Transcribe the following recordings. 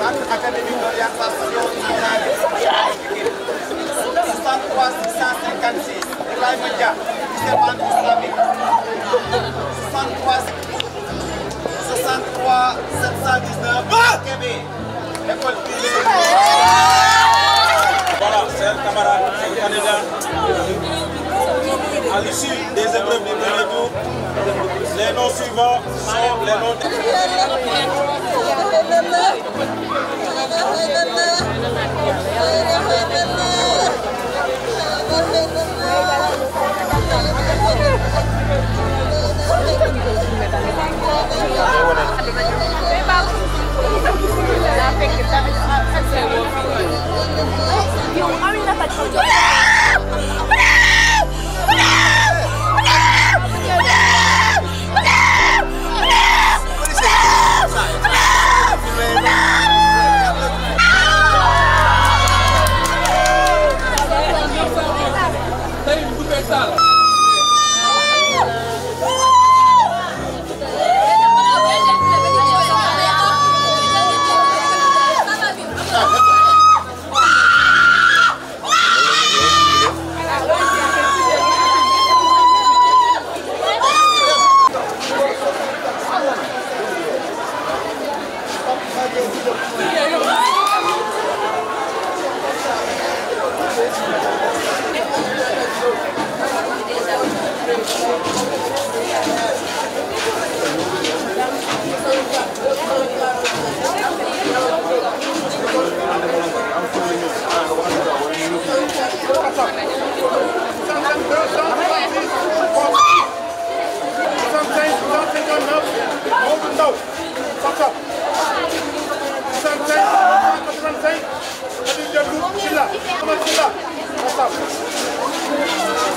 centre académique d'orientation nationale de 63 656 Ibrahima Dia lycée islamique 63 63 719 Kébé école privée voilà chers camarades chers candidats à l'issue des épreuves du premier tour les noms suivants sont les noms Yo, I'm in a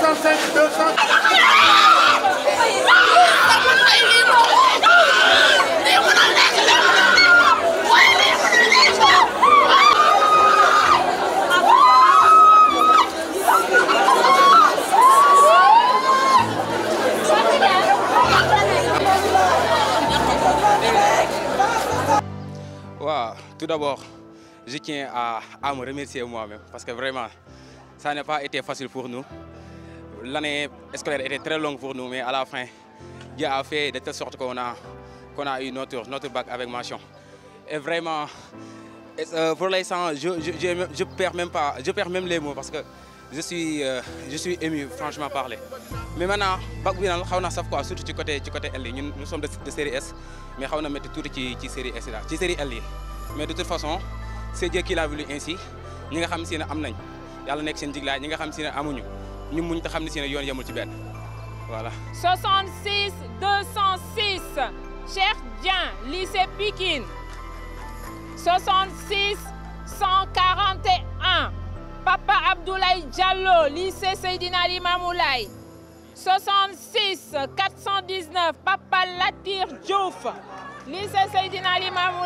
205 200 Tout d'abord, je tiens à, me remercier moi-même parce que vraiment, ça n'a pas été facile pour nous. l'année scolaire était très longue pour nous, mais à la fin, Dieu a fait de telle sorte qu'on a, qu'on a eu notre, notre avec mention. Et vraiment, euh, pour l'instant, je ne je, je, je perds, même pas, je parce que je suis, euh, je suis ému, franchement parler. Mais maintenant, bac bi nag xaw naa saf quoi surtout ci côté ci côté L yi ñun nous de de mais xaw na métti tuuti ci ci série S yi daal ci série L yi. mais de toute façon c'est Dieu qui l'a voulu ainsi ñi nga xam si ne am nañ yàlla nekk seen jiglaay ñi nga xam si ne amuñu. ñu muñ te xam ne si ne yoon yemul ci benn voilà. 66 206 Cheikh Dieng lycée Pikine 66 141 Papa Abdoulaye Diallo lycée Seydina Limamou Papa Latir Diouf lycée Seydina Limamou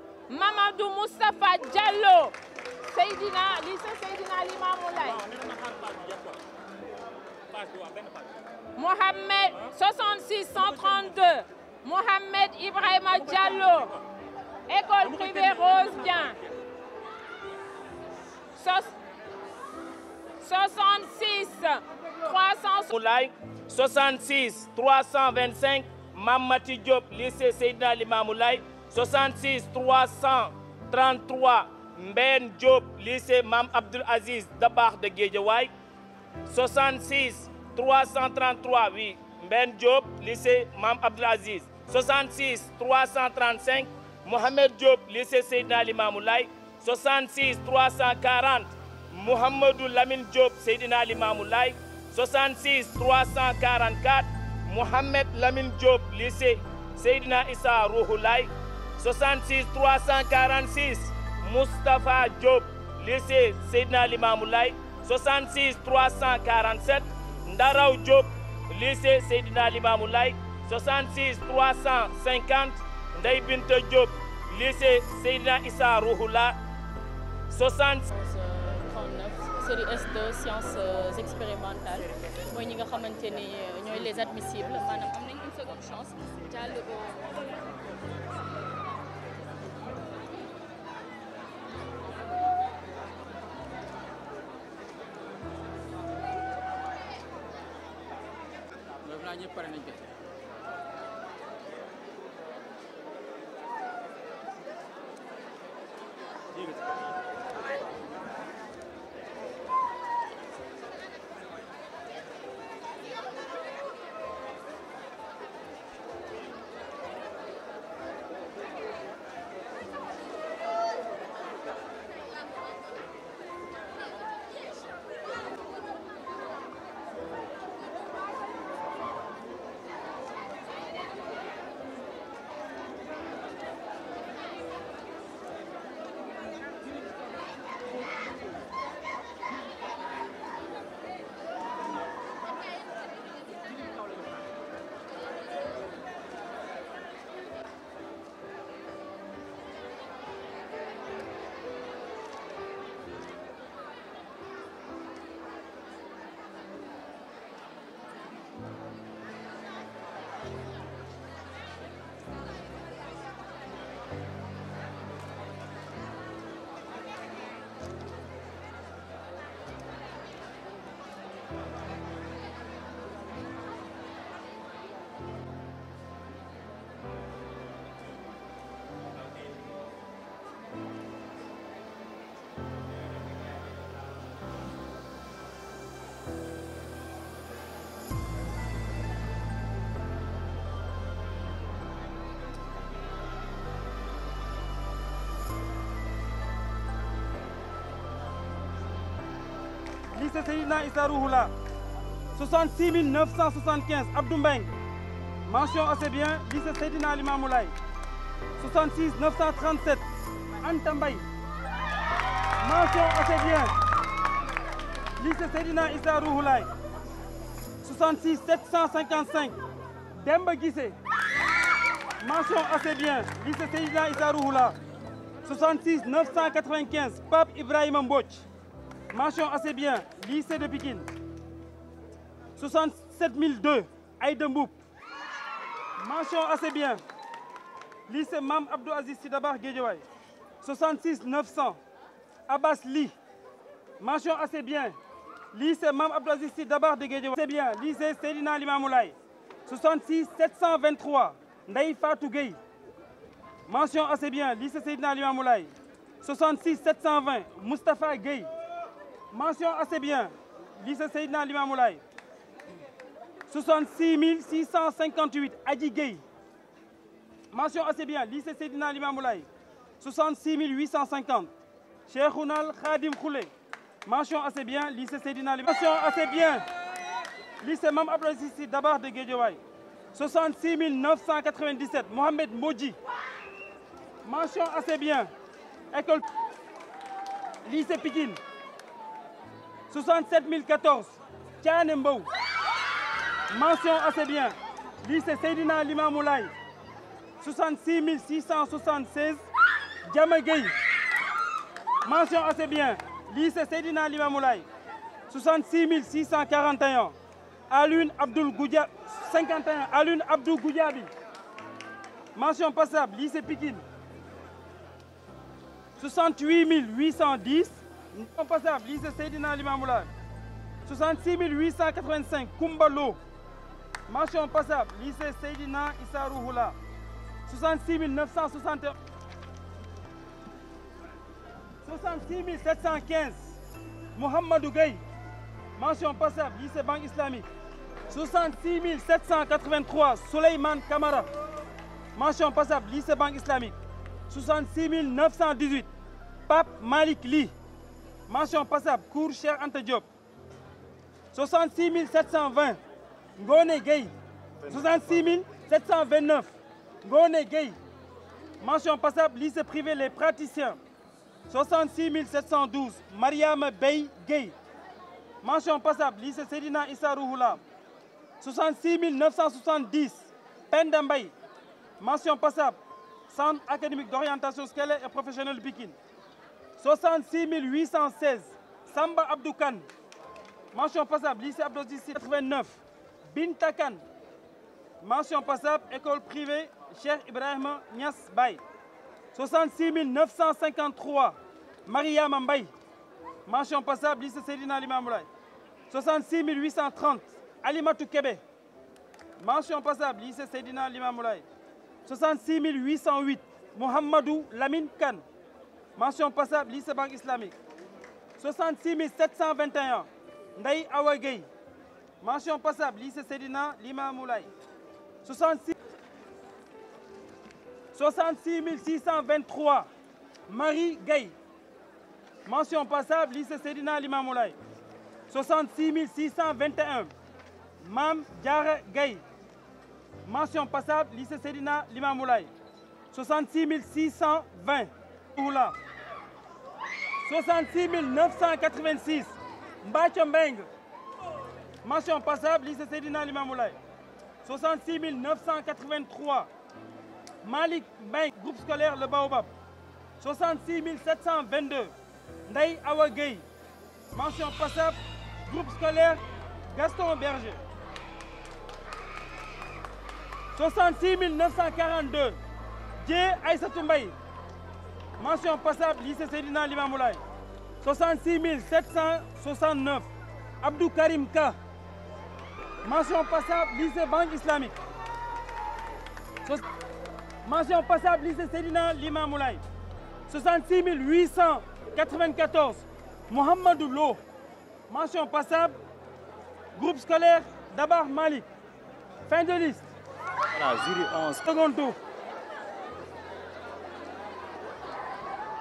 Mamadou Moustapha Diallo Seydina lycée Seydina Limamou Laye Mohamed 66 132 Mohamed école privée Rose Dieng sos 66 300 Seydina Limamou Laye 66 333 Mbène Diop lycée Mame Abdoul Aziz Dabakh de Guédiawaye 66 333 oui Mbène Diop lycée Mame Abdoul Aziz 66 335 Mohamed Diop lycée Seydina Limamou Laye 66 340 Mouhamadou Lamine Diop Seydina Limamou Laye 66 344 Mohamed Lamine Seydina Issa Rouhou Laye 66 346 Moustapha Diop lycée Seydina Limamou Laye 66 347 Ndaraw Diop lycée Seydina Limamou Laye 66 350 Ndeye Binta lycée Seydina Issa Rouhoula 60 série S2 sciences euh, expérimentales mooy ñi nga xamante ni euh, ñooy les admissibles maanaam ñëpp pare nañ ko lycée Seydina Issa Rouhoula 66 975 Abdou Mbeng mention assez bien lycée Seydina Limamou Laye 66 937 Anta Mbaye mention assez bien lycée Seydina Issa Rouhoula Laye 66 755 Demba Guissé mention assez bien lycée Seydina Issa Rouhoula 66 995 Pape Ibrahima Mbodj mention assez bien lycée de Pikine 67002 Aïda Mboup mention assez bien lycée Mam Abdou Aziz Sy Dabakh Guédiawaye 66900 Abbas Ly mention assez bien lycée Mam Abdou Aziz Sy Dabakh de Guédiawaye c'est bien lycée Seydina Limamou Laye 66723 Ndeye Fatou Gueye mention assez bien lycée Seydina Limamou Laye 66720 mansion assez bien lycée Seydina Limamou Laye 66 658 Adji Gueye mention assez bien lycée Seydina Limamou Laye 66 850 Cheikhouna Al Khadim Khoule mention assez bien lycée Seydina Limamou mention de Guédiawaye 66 997 Mohamed assez bien école lycée Pikine 67 014 Thiané Mbow mention assez bien lycée Seydina Limamou Laye 66 676 Diama Gueye mention assez bien lycée Seydina Limamou Laye 66 641 Alune Abdoul Goudia 51 Alune Abdou Goudiabi mention passable lycée Pikine 68 810 non passable lycée Seydina Limamou Laye 66 885 Koumba Lo mention passable lycée Seydina Issa Rouhou Laye 66 961 66 715 Mouhamadou Gueye mention passable lycée Banque Islamique 66 783 Souleymane Kamara mention passable lycée Banque Islamique 66 918 Pape Malick Ly mention passable cours Cheikh Anta Diop 66 720 Ngoné Gueye 66 729 Ngoné Gueye mention passable lycée privé les praticiens 66 712 Mariama Bey Gueye mention passable lycée Seydina Issa Rouhoula 66 970 Penda Mbaye mention passable centre académique d'orientation scolaire et professionnelle Pikine 66 816 Samba Abdou Kane mention passable lycée Abdou Cissé 89 Binta Kane mention passable école privée Cheikh Ibrahima Niass Baye 66 953 Mariama Mbaye mention passable lycée Seydina Limamou Laye 66 830 Alimatou Kébé lycée Seydina Limamou Laye 66 808 mention passable lycée banque islamique 66 721 Ndeye Awa Gueye mention passable lycée Sédina Limamou Laye 66 66 623 Marie Gueye mention passable lycée Sédina Limamou Laye 66 621 Mame Diarra Gueye mention passable lycée Sédina Limamou Laye 66 620 Toula. 66 986 Mbathio Mbengue mention passable lycée Seydina Limamou Laye 66 983 Malick Mbengue groupe scolaire Le Baobab 66 722 Ndeye Awa Gueye mention passable groupe scolaire Gaston Berger 66 942 Dié mention passable lycée Seydina Limamoulaye 66 769 Abdou Karim Ka mention passable lycée Banque Islamique so mention passable lycée Seydina Limamoulaye 66 894 passable groupe scolaire Dabar Malik fin de liste. voilà jury 11 second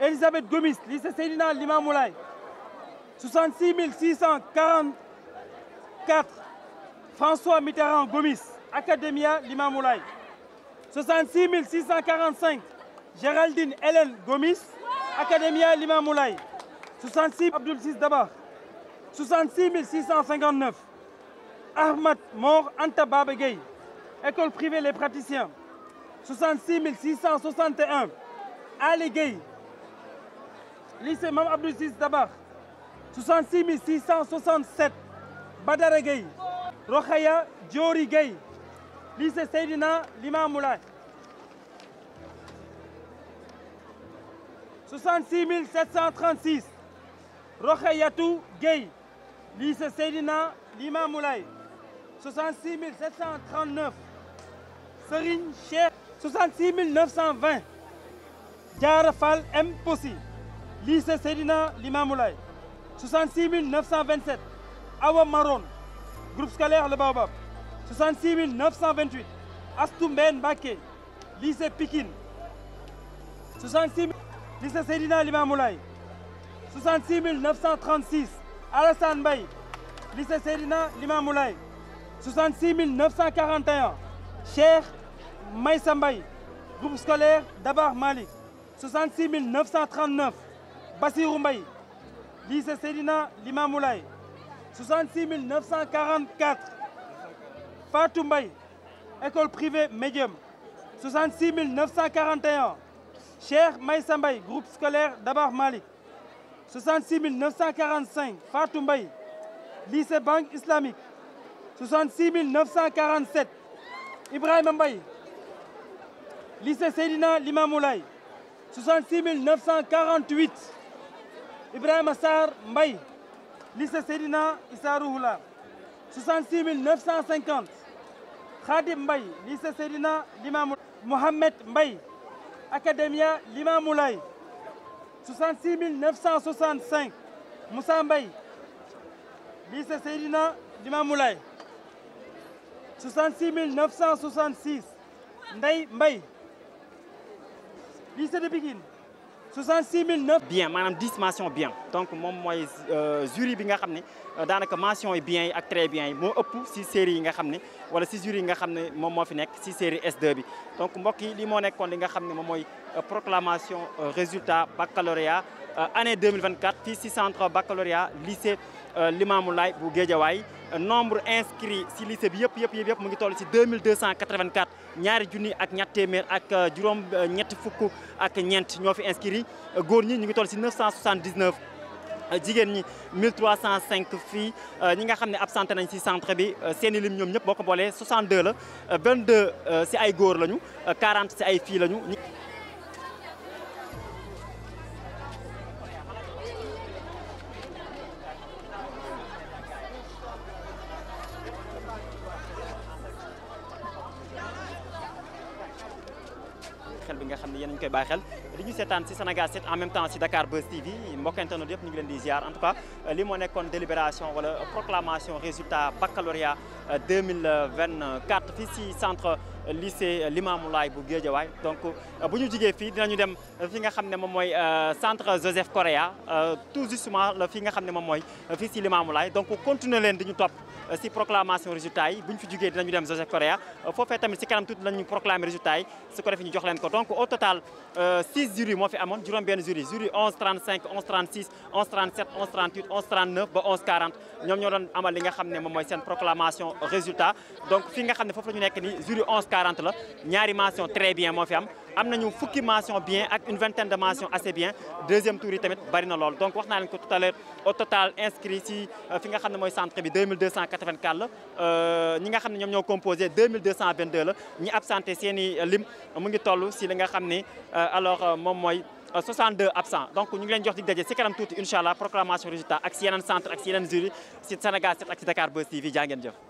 Elisabeth Gomis lycée Seydina Limamou Laye 66 644 François Mitterrand Gomis Academia Limamou Laye 66 645 Géraldine Gomis Academia Limamou Laye Dabar Ahmad Mor Anta Baba Gueye École privée les praticiens 66 661 lycée Mame Abdou Ciss Dabakh 66 667 Badara Gueye Rokhaya Diori Gueye lycée Seydina Limamou Laye 66 736 Rokhayatou Gueye lycée Seydina Limamou Laye 66 739 Serigne Cheikh 66 920 Diarra Fall M Possi lycée Seydina Limamoulaye 66 927 Awa Maron groupe scolaire Le Baobab 66 928 Astou Mbène Mbacké lycée Pikine 66 lycée Seydina Limamoulaye 66 936 Alassane Mbaye lycée Seydina Limamoulaye 66 941 Cheikh Maïssa Mbaye groupe scolaire Dabar Malik 66 939 Bassirou Mbaye lycée Seydina Limamou Laye 66 944 Fatou Mbaye école privée Médium 66 941 Cheikh Maïssa Mbaye groupe scolaire Dabar Malik 66 945 Fatou Mbaye lycée Banque Islamique 66 947 Ibrahima Mbaye lycée Seydina Limamou Laye 66 948 Ibrahima Sarr Mbaye lycée Seydina Issa Rouhoula 66 950 Khadim Mbaye lycée Seydina Limamou Mohamed Mbaye Academia Limamoulaye 66 965 Moussa Mbaye lycée Seydina Limamoulaye 66 966 Ndeye Mbaye lycée de Pikine 66 009 bien maanaam 10 mentions bien donc moom mooy euh, jury bi nga xam ne euh, daanaka mentions yi bien yi ak bien yi moo ëpp si série yi nga xam ni wala si jury yi nga xam ne moom moo fi nekk si série s bi donc mbokk yi li moo nekkoon li nga xam ne moom mooy euh, proclamation résultat baccalauréat année 2024 fii si centre baccalauréat lycée Euh, Limamou laay bu Géejawaay euh, nombre inscrit ci lycée bi yëpp yëpp yëpp mu ngi toll ci 2284 ñaari junni ak ñett téeméer ak euh, juróom ñetti fukk ak ñeent ñoo fi inscrit góor ñi ñu ngi toll ci 979 jigéen ñi 1305 fii ñi nga xam ne absenté nañ si centre bi seen i lim ñoom ñëpp boo ko boolee 62 la 22 si ay góor lañu 40 ci ay fii lañu. yéen a ñu koy bàyyi xel di ñu seetaan si Sénégal 7 en même temps si Dakar Buzz TV mbokk internet yëpp ñu ngi leen di ziar en tout cas li moo nekkoon délibération wala proclamation résultat baccalauréat 2024 euh, fii si centre euh, lycée euh, Limamoulaye bu Guédiawaye donc bu ñu jigee fii dinañu dem fi nga xam ne moom mooy centre Joseph Correa tout justement fi nga xam ne moom mooy fii si Limamoulaye donc continuer leen di ñu topp Euh, si proclamation résultat yi bu ñu fi jugee dinañu dem Joseph Correa euh, foofee tamit si kanam tuuti lañu proclamer résultat yi su ko defee ñu leen ko donc au total 6 euh, jurys moo fi amoon juróom benn jury jury 11 35 11 ba 11 40 ñoom ñoo doon amal li nga xam ne moom mooy seen proclamation résultat donc fi nga xam ne foofu la ñu nekk ni jury 11 40 la ñaari mention très bien moo fi am am nañu fukki mention bien ak une vingtaine de mention assez bien deuxième tour yi tamit bari na lool donc wax naa leen ko tout à l'heure au total inscrit si euh, fi nga xam ne mooy centre bi 2284 la euh, ñi nga xam ne ñoom ñoo composé 2222 la ñi absenté seen i euh, lim mu ngi toll si li nga xam ne alors moom mooy 62 absents donc ñu ngi leen jox di daje si kanam tuuti incha allah proclamation résultat ak si yeneen centre ak si yeneen jury si ngeen jëf